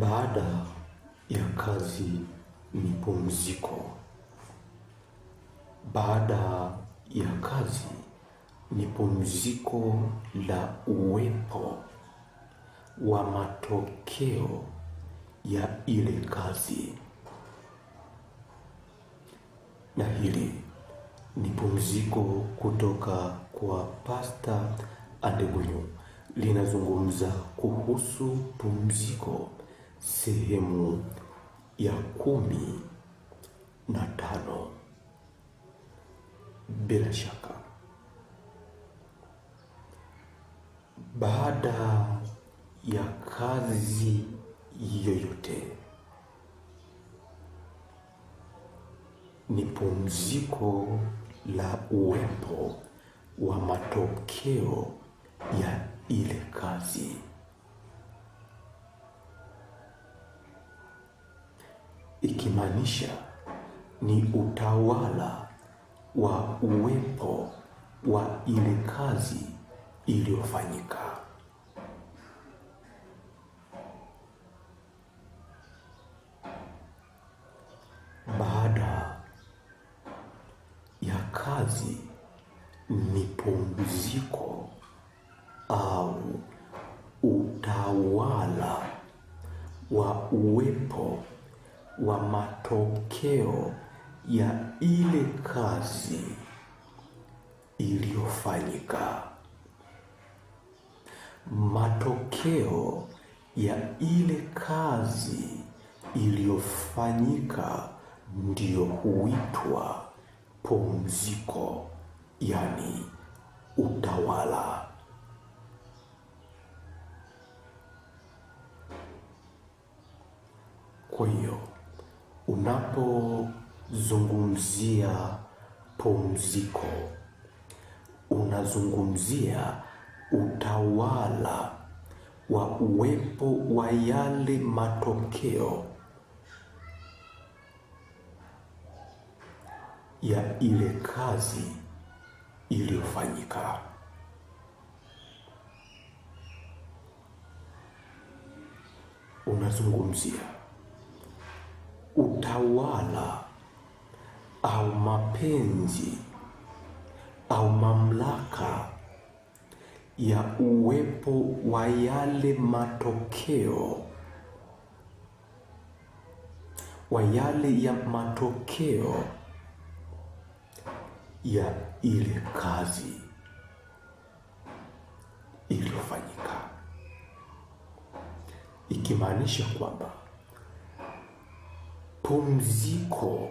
Baada ya kazi ni pumziko. Baada ya kazi ni pumziko la uwepo wa matokeo ya ile kazi, na hili ni pumziko kutoka kwa Pasta Andegunyu linazungumza kuhusu pumziko sehemu ya kumi na tano. Bila shaka baada ya kazi yoyote ni pumziko la uwepo wa matokeo ya ile kazi. ikimaanisha ni utawala wa uwepo wa ile kazi iliyofanyika. wa matokeo ya ile kazi iliyofanyika, matokeo ya ile kazi iliyofanyika ndiyo huitwa pumziko, yani utawala. Kwa hiyo Unapozungumzia pumziko, unazungumzia utawala wa uwepo wa yale matokeo ya ile kazi iliyofanyika. Unazungumzia utawala au mapenzi au mamlaka ya uwepo wa yale matokeo wa yale ya matokeo ya ile kazi iliyofanyika, ikimaanisha kwamba mapumziko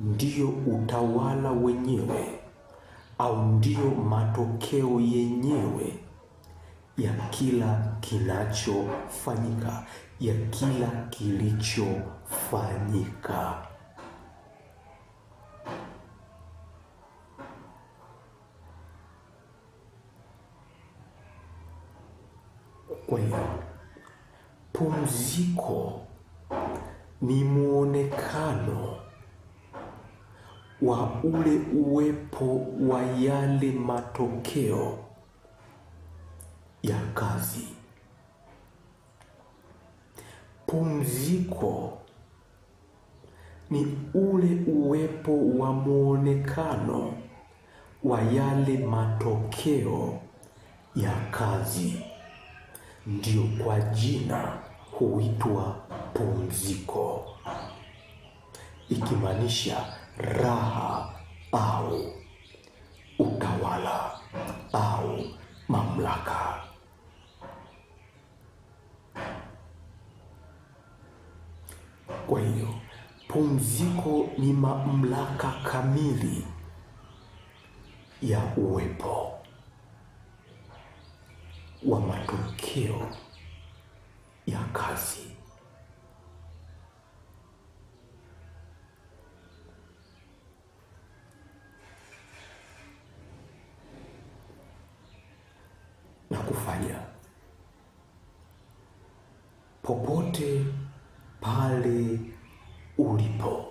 ndiyo utawala wenyewe au ndiyo matokeo yenyewe ya kila kinachofanyika, ya kila kilichofanyika. Kwa hiyo pumziko ni muonekano wa ule uwepo wa yale matokeo ya kazi. Pumziko ni ule uwepo wa muonekano wa yale matokeo ya kazi, ndio kwa jina huitwa mapumziko, ikimaanisha raha au utawala au mamlaka. Kwa hiyo pumziko ni mamlaka kamili ya uwepo wa matokeo ya kazi. popote pale ulipo,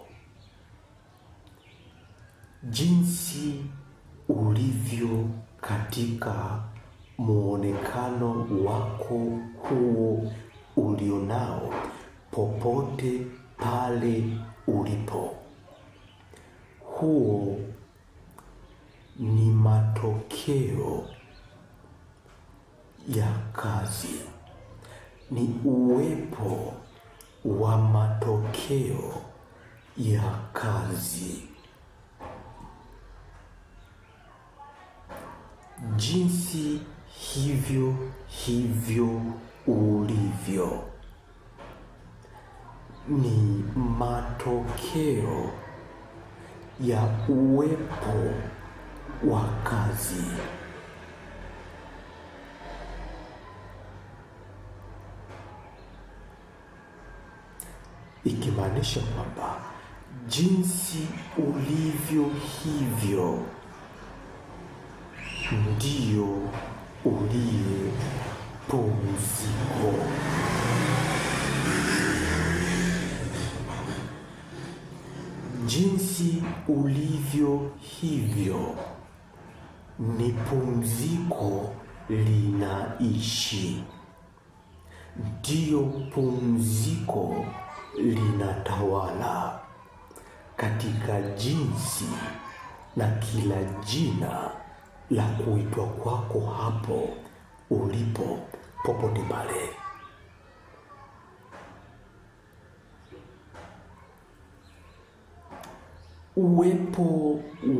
jinsi ulivyo katika muonekano wako huo ulionao, popote pale ulipo, huo ni matokeo ya kazi ni uwepo wa matokeo ya kazi. Jinsi hivyo hivyo ulivyo ni matokeo ya uwepo wa kazi. ikimaanisha kwamba jinsi ulivyo hivyo ndiyo uliye pumziko. Jinsi ulivyo hivyo ni pumziko linaishi, ndiyo pumziko linatawala katika jinsi na kila jina la kuitwa kwako hapo ulipo popote pale. Uwepo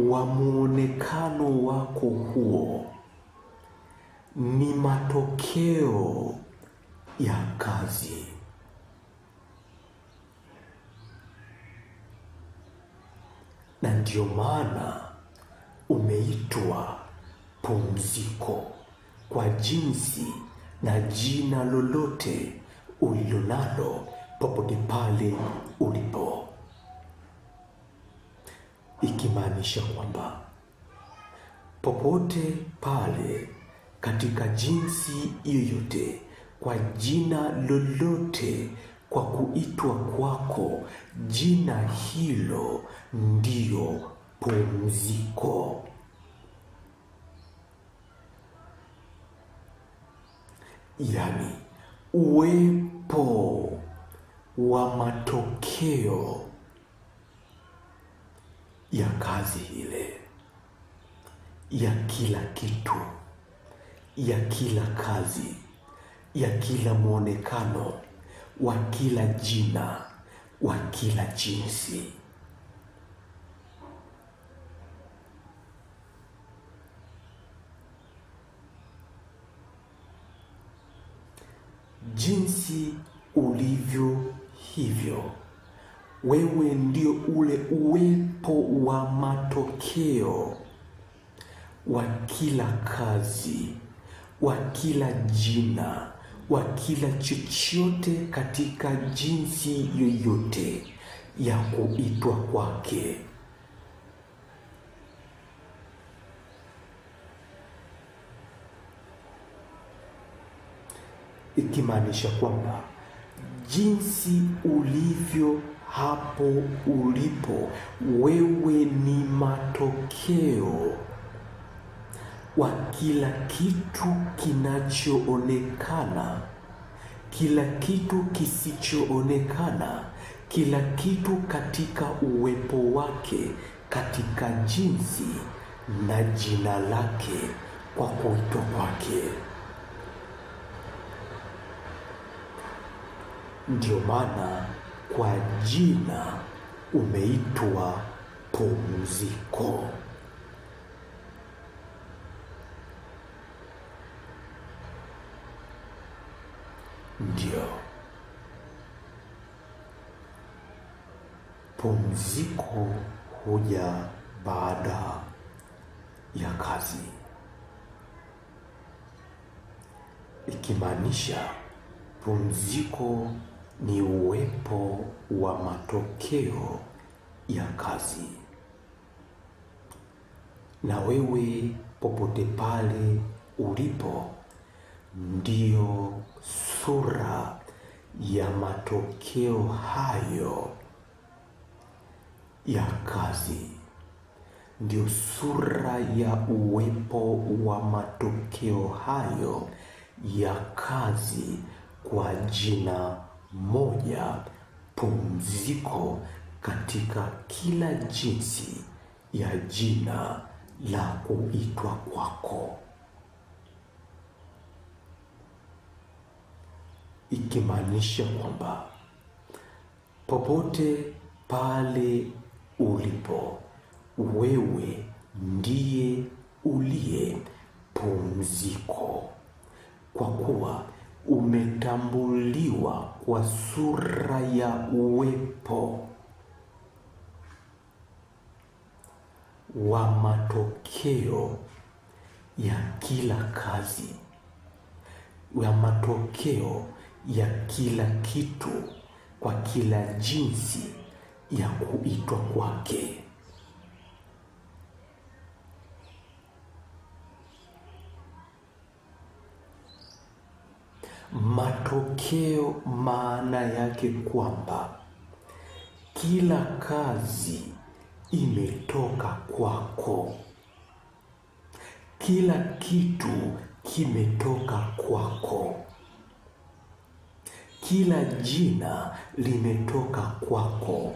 wa muonekano wako huo ni matokeo ya kazi na ndio maana umeitwa pumziko, kwa jinsi na jina lolote ulilonalo popote pale ulipo, ikimaanisha kwamba popote pale katika jinsi yoyote, kwa jina lolote kwa kuitwa kwako jina hilo ndiyo pumziko. yani uwepo wa matokeo ya kazi ile ya kila kitu ya kila kazi ya kila mwonekano wa kila jina, wa kila jinsi. Jinsi ulivyo hivyo, wewe ndio ule uwepo wa matokeo wa kila kazi, wa kila jina wa kila chochote katika jinsi yoyote ya kuitwa kwake. Ikimaanisha kwamba jinsi ulivyo hapo ulipo, wewe ni matokeo wa kila kitu kinachoonekana, kila kitu kisichoonekana, kila kitu katika uwepo wake, katika jinsi na jina lake, kwa kuitwa kwake. ndio maana kwa jina umeitwa pumziko. ndio pumziko huja baada ya kazi, ikimaanisha pumziko ni uwepo wa matokeo ya kazi. Na wewe popote pale ulipo, ndio sura ya matokeo hayo ya kazi ndio sura ya uwepo wa matokeo hayo ya kazi kwa jina moja, pumziko, katika kila jinsi ya jina la kuitwa kwako. ikimaanisha kwamba popote pale ulipo wewe ndiye uliye pumziko, kwa kuwa umetambuliwa kwa sura ya uwepo wa matokeo ya kila kazi ya matokeo ya kila kitu kwa kila jinsi ya kuitwa kwake. Matokeo maana yake kwamba kila kazi imetoka kwako, kila kitu kimetoka kwako. Kila jina limetoka kwako.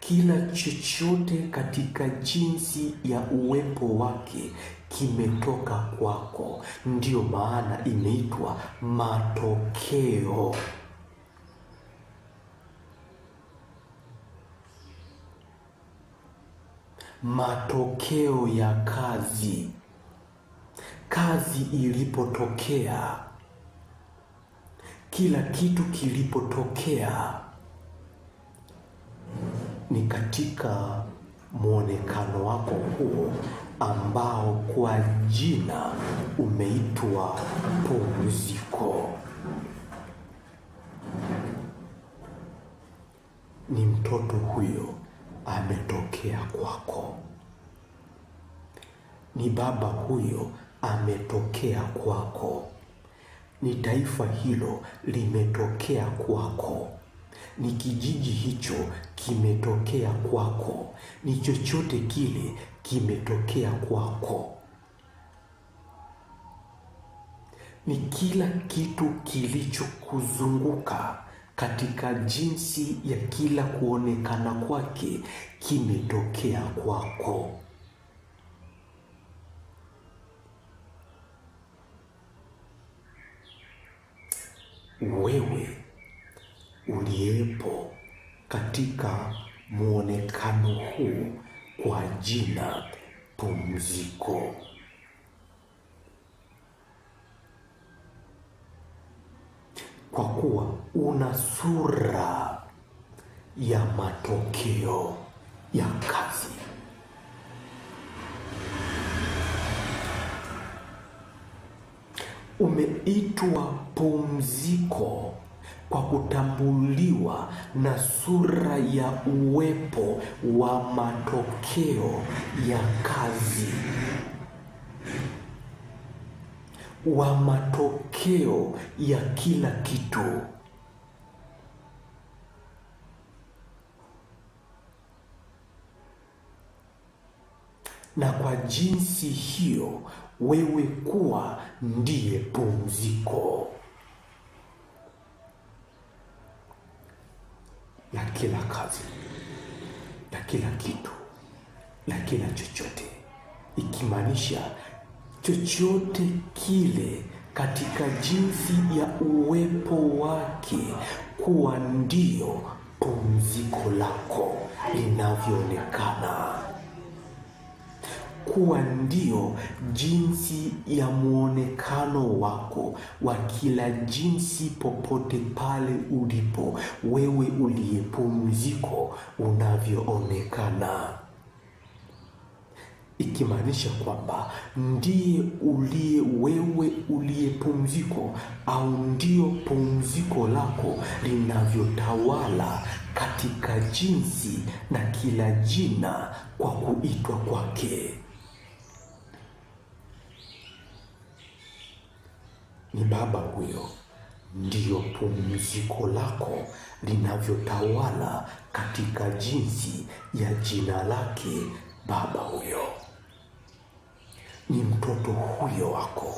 Kila chochote katika jinsi ya uwepo wake kimetoka kwako, ndiyo maana imeitwa matokeo. Matokeo ya kazi, kazi ilipotokea kila kitu kilipotokea ni katika mwonekano wako huo ambao kwa jina umeitwa pumziko. Ni mtoto huyo ametokea kwako, ni baba huyo ametokea kwako ni taifa hilo limetokea kwako, ni kijiji hicho kimetokea kwako, ni chochote kile kimetokea kwako, ni kila kitu kilichokuzunguka katika jinsi ya kila kuonekana kwake kimetokea kwako. wewe uliyepo katika muonekano huu kwa jina pumziko. Kwa kuwa una sura ya matokeo ya kazi umeitwa pumziko kwa kutambuliwa na sura ya uwepo wa matokeo ya kazi wa matokeo ya kila kitu. Na kwa jinsi hiyo wewe kuwa ndiye pumziko la kila kazi, la kila kitu, la kila chochote, ikimaanisha chochote kile katika jinsi ya uwepo wake kuwa ndiyo pumziko lako linavyoonekana kuwa ndio jinsi ya muonekano wako wa kila jinsi, popote pale ulipo wewe uliyepumziko unavyoonekana, ikimaanisha kwamba ndiye uliye wewe uliye pumziko, au ndio pumziko lako linavyotawala katika jinsi na kila jina kwa kuitwa kwake. ni Baba huyo, ndiyo pumziko lako linavyotawala katika jinsi ya jina lake Baba huyo. Ni mtoto huyo wako,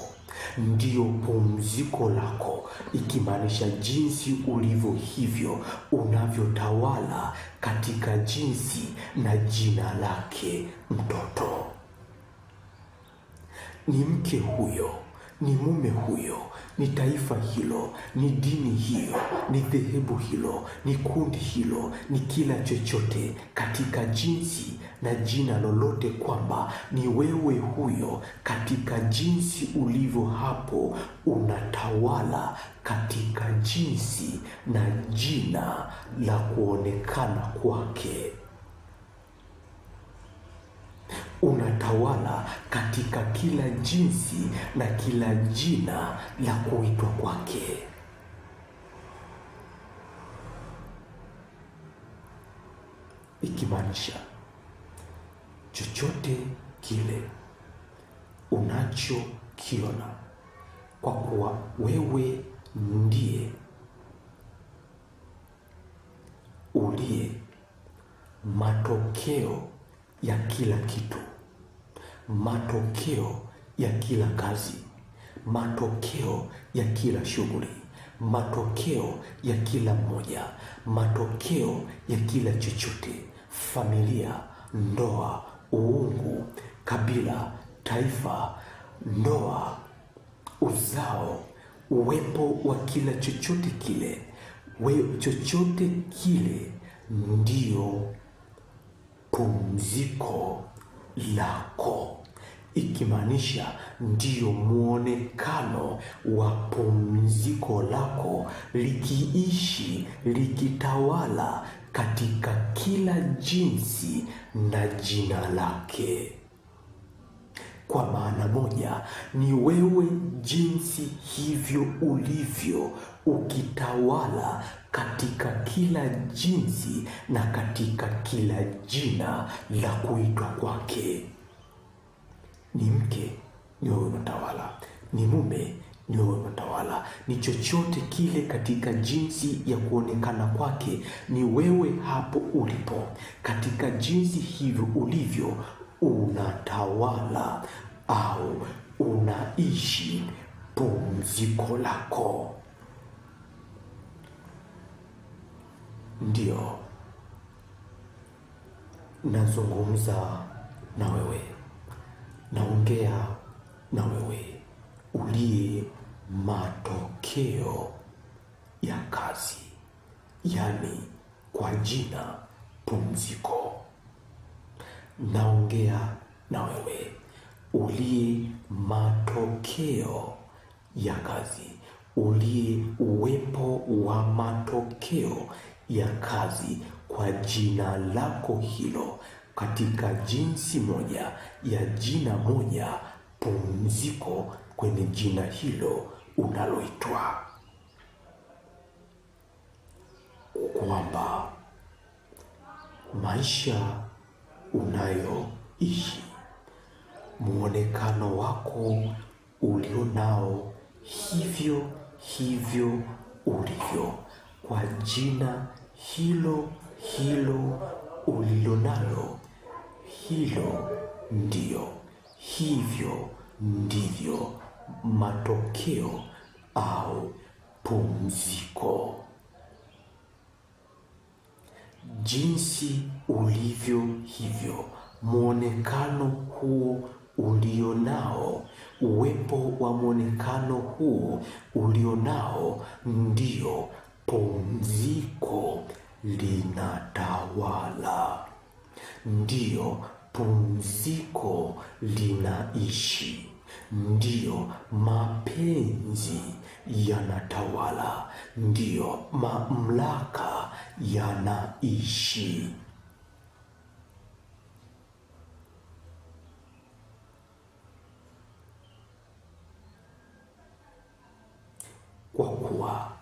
ndiyo pumziko lako, ikimaanisha jinsi ulivyo hivyo unavyotawala katika jinsi na jina lake mtoto. Ni mke huyo ni mume huyo, ni taifa hilo, ni dini hiyo, ni dhehebu hilo, ni kundi hilo, ni kila chochote katika jinsi na jina lolote, kwamba ni wewe huyo katika jinsi ulivyo hapo, unatawala katika jinsi na jina la kuonekana kwake unatawala katika kila jinsi na kila jina la kuitwa kwake. Ikimaanisha chochote kile unachokiona, kwa kuwa wewe ndiye uliye matokeo ya kila kitu matokeo ya kila kazi, matokeo ya kila shughuli, matokeo ya kila mmoja, matokeo ya kila chochote: familia, ndoa, uungu, kabila, taifa, ndoa, uzao, uwepo wa kila chochote kile, we chochote kile, ndiyo pumziko lako, ikimaanisha ndiyo muonekano wa pumziko lako likiishi, likitawala katika kila jinsi na jina lake. Kwa maana moja, ni wewe jinsi hivyo ulivyo ukitawala katika kila jinsi na katika kila jina la kuitwa kwake. Ni mke ni wewe unatawala, ni mume ni wewe unatawala, ni chochote kile katika jinsi ya kuonekana kwake, ni wewe hapo ulipo, katika jinsi hivyo ulivyo unatawala au unaishi pumziko lako. ndio nazungumza na wewe, naongea na wewe uliye matokeo ya kazi, yaani kwa jina pumziko. Naongea na wewe uliye matokeo ya kazi, uliye uwepo wa matokeo ya kazi kwa jina lako hilo, katika jinsi moja ya jina moja pumziko kwenye jina hilo unaloitwa, kwamba maisha unayoishi muonekano wako ulionao hivyo hivyo ulivyo kwa jina hilo hilo ulilonalo, hilo ndiyo, hivyo ndivyo matokeo au pumziko. Jinsi ulivyo hivyo, mwonekano huo ulionao, uwepo wa mwonekano huo ulionao ndio pumziko linatawala, ndiyo pumziko linaishi, ndiyo mapenzi yanatawala, ndiyo mamlaka yanaishi. Kwa kuwa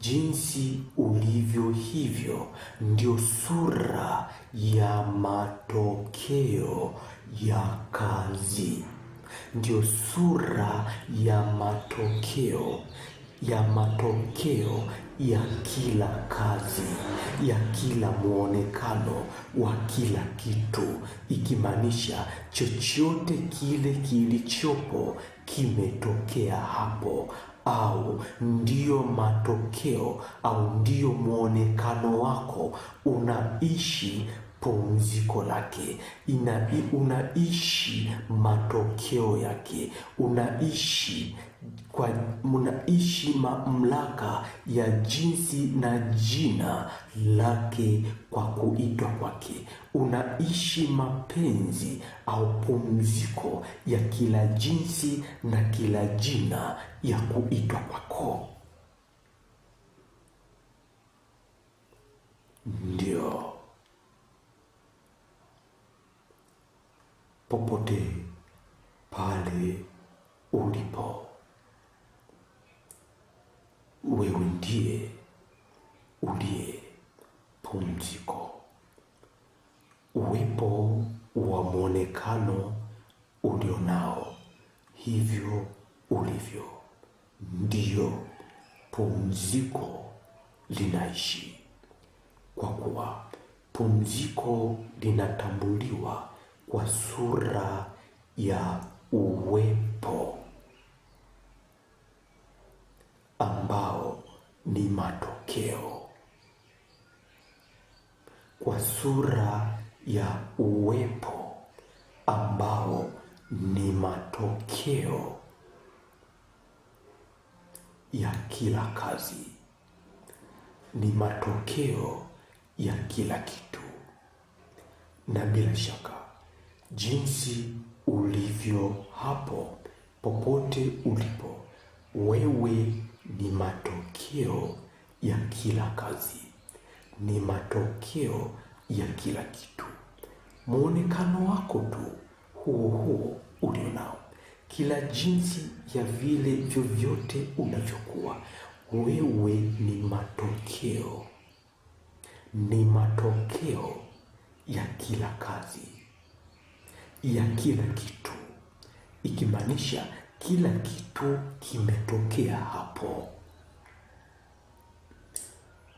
Jinsi ulivyo hivyo ndio sura ya matokeo ya kazi, ndio sura ya matokeo ya matokeo ya kila kazi ya kila mwonekano wa kila kitu, ikimaanisha chochote kile kilichopo kimetokea hapo au ndio matokeo au ndio mwonekano wako unaishi pumziko lake ina, unaishi matokeo yake, unaishi kwa unaishi mamlaka ya jinsi na jina lake kwa kuitwa kwake, unaishi mapenzi au pumziko ya kila jinsi na kila jina ya kuitwa kwako, ndio popote pale ulipo, wewe ndiye uliye pumziko. Uwepo wa mwonekano ulio nao, hivyo ulivyo, ndiyo pumziko linaishi, kwa kuwa pumziko linatambuliwa kwa sura ya uwepo ambao ni matokeo, kwa sura ya uwepo ambao ni matokeo ya kila kazi, ni matokeo ya kila kitu, na bila shaka jinsi ulivyo hapo, popote ulipo wewe ni matokeo ya kila kazi, ni matokeo ya kila kitu. Muonekano wako tu huo huo ulio nao, kila jinsi ya vile vyovyote unavyokuwa wewe ni matokeo, ni matokeo ya kila kazi ya kila kitu, ikimaanisha kila kitu kimetokea hapo,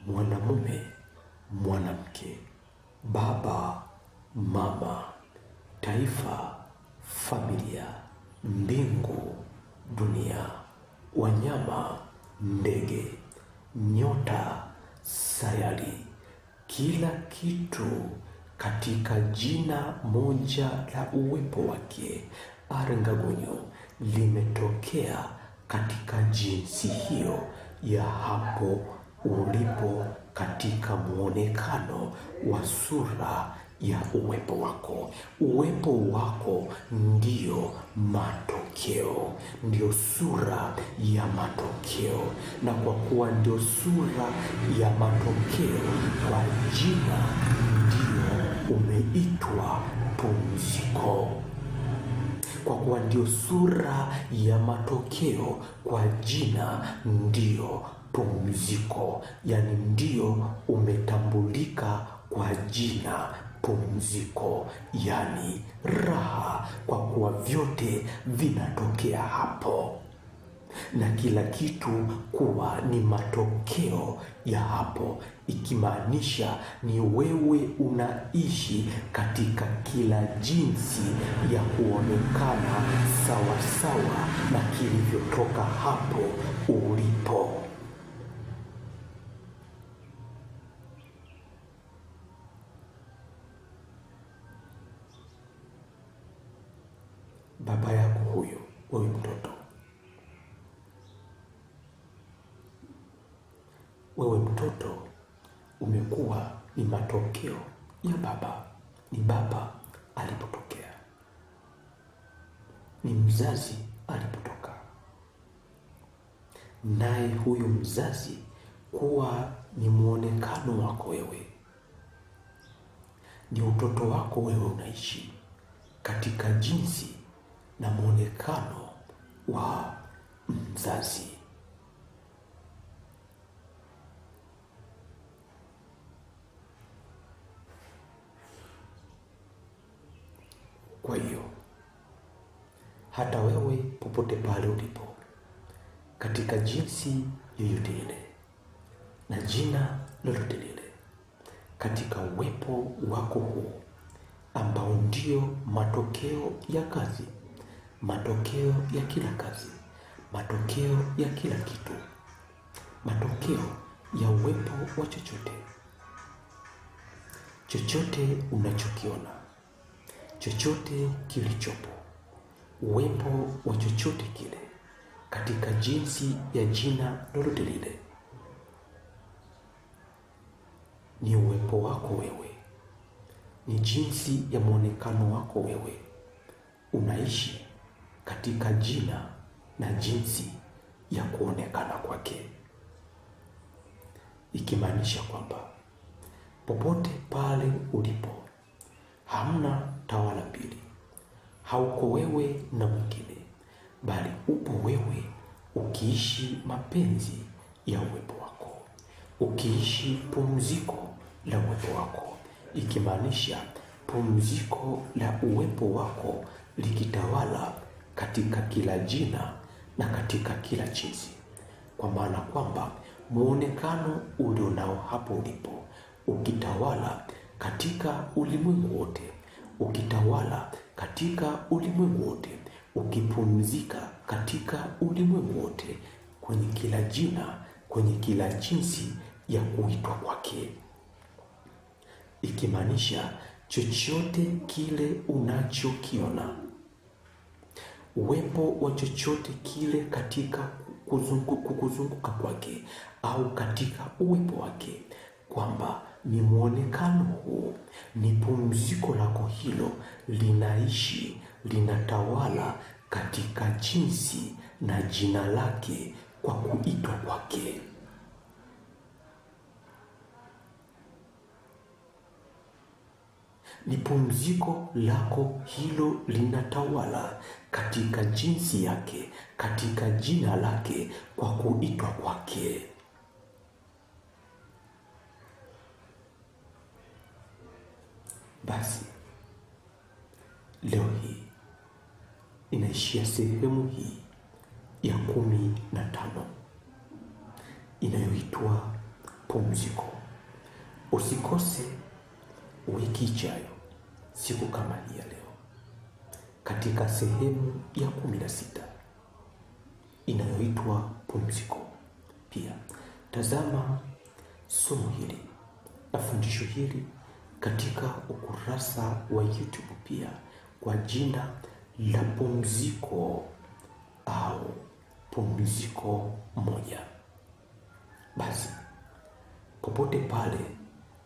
mwanamume, mwanamke, baba, mama, taifa, familia, mbingu, dunia, wanyama, ndege, nyota, sayari, kila kitu katika jina moja la uwepo wake Arangagonyo limetokea katika jinsi hiyo ya hapo ulipo katika muonekano wa sura ya uwepo wako. Uwepo wako ndio matokeo, ndio sura ya matokeo, na kwa kuwa ndio sura ya matokeo, kwa jina ndio umeitwa pumziko kwa kuwa ndio sura ya matokeo, kwa jina ndio pumziko, yaani ndio umetambulika kwa jina pumziko, yani raha, kwa kuwa vyote vinatokea hapo na kila kitu kuwa ni matokeo ya hapo, ikimaanisha ni wewe unaishi katika kila jinsi ya kuonekana sawasawa na kilivyotoka hapo ulipo. baba yako huyo, wewe mtoto, wewe mtoto umekuwa ni matokeo ya baba, ni baba alipotokea, ni mzazi alipotoka, naye huyo mzazi kuwa ni mwonekano wako wewe, ni utoto wako wewe, unaishi katika jinsi na mwonekano wa mzazi. Kwa hiyo hata wewe popote pale ulipo, katika jinsi yoyote ile na jina lolote lile, katika uwepo wako huu ambao ndio matokeo ya kazi matokeo ya kila kazi, matokeo ya kila kitu, matokeo ya uwepo wa chochote. Chochote unachokiona, chochote kilichopo, uwepo wa chochote kile katika jinsi ya jina lolote lile ni uwepo wako wewe, ni jinsi ya mwonekano wako wewe unaishi katika jina na jinsi ya kuonekana kwake, ikimaanisha kwamba popote pale ulipo hamna tawala mbili, hauko wewe na mwingine, bali upo wewe ukiishi mapenzi ya uwepo wako, ukiishi pumziko la uwepo wako, ikimaanisha pumziko la uwepo wako likitawala katika kila jina na katika kila jinsi, kwa maana kwamba mwonekano ulio nao hapo ulipo, ukitawala katika ulimwengu wote, ukitawala katika ulimwengu wote, ukipumzika katika ulimwengu wote, kwenye kila jina, kwenye kila jinsi ya kuitwa kwake, ikimaanisha chochote kile unachokiona uwepo wa chochote kile katika kuzunguka kuzungu kwake au katika uwepo wake, kwamba ni mwonekano huu, ni pumziko lako hilo linaishi linatawala katika jinsi na jina lake kwa kuitwa kwake. ni pumziko lako hilo linatawala katika jinsi yake, katika jina lake, kwa kuitwa kwake. Basi leo hii inaishia sehemu hii ya kumi na tano inayoitwa pumziko. Usikose wiki ijayo siku kama hii ya leo katika sehemu ya kumi na sita inayoitwa pumziko. Pia tazama somo hili na fundisho hili katika ukurasa wa YouTube pia kwa jina la pumziko au pumziko moja. Basi popote pale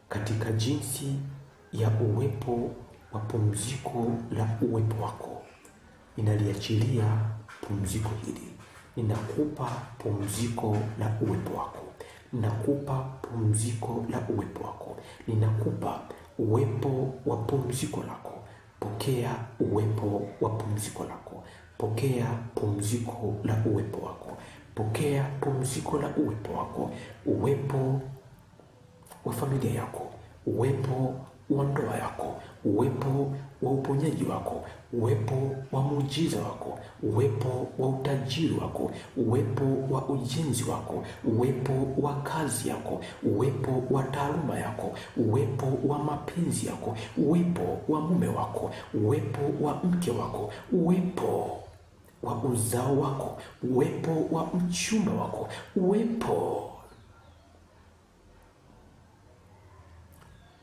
katika jinsi ya uwepo wa pumziko la uwepo wako. Ninaliachilia pumziko hili, ninakupa pumziko la uwepo wako, ninakupa pumziko la uwepo wako, ninakupa uwepo wa pumziko lako. Pokea uwepo wa pumziko lako, pokea pumziko la uwepo wako, pokea pumziko la uwepo wako, uwepo wa familia yako, uwepo wa ndoa yako, uwepo wa uponyaji wako, uwepo wa muujiza wako, uwepo wa utajiri wako, uwepo wa ujenzi wako, uwepo wa kazi yako, uwepo wa taaluma yako, uwepo wa mapenzi yako, uwepo wa mume wako, uwepo wa mke wako, uwepo wa uzao wako, uwepo wa mchumba wako, uwepo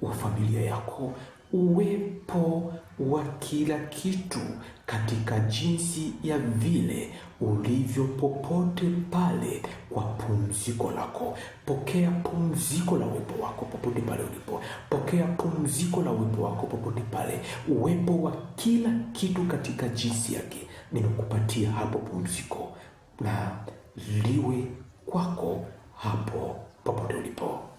wa familia yako, uwepo wa kila kitu katika jinsi ya vile ulivyo popote pale kwa pumziko lako. Pokea pumziko la uwepo wako popote pale ulipo. Pokea pumziko la uwepo wako popote pale. Uwepo wa kila kitu katika jinsi yake nimekupatia hapo pumziko, na liwe kwako hapo popote ulipo.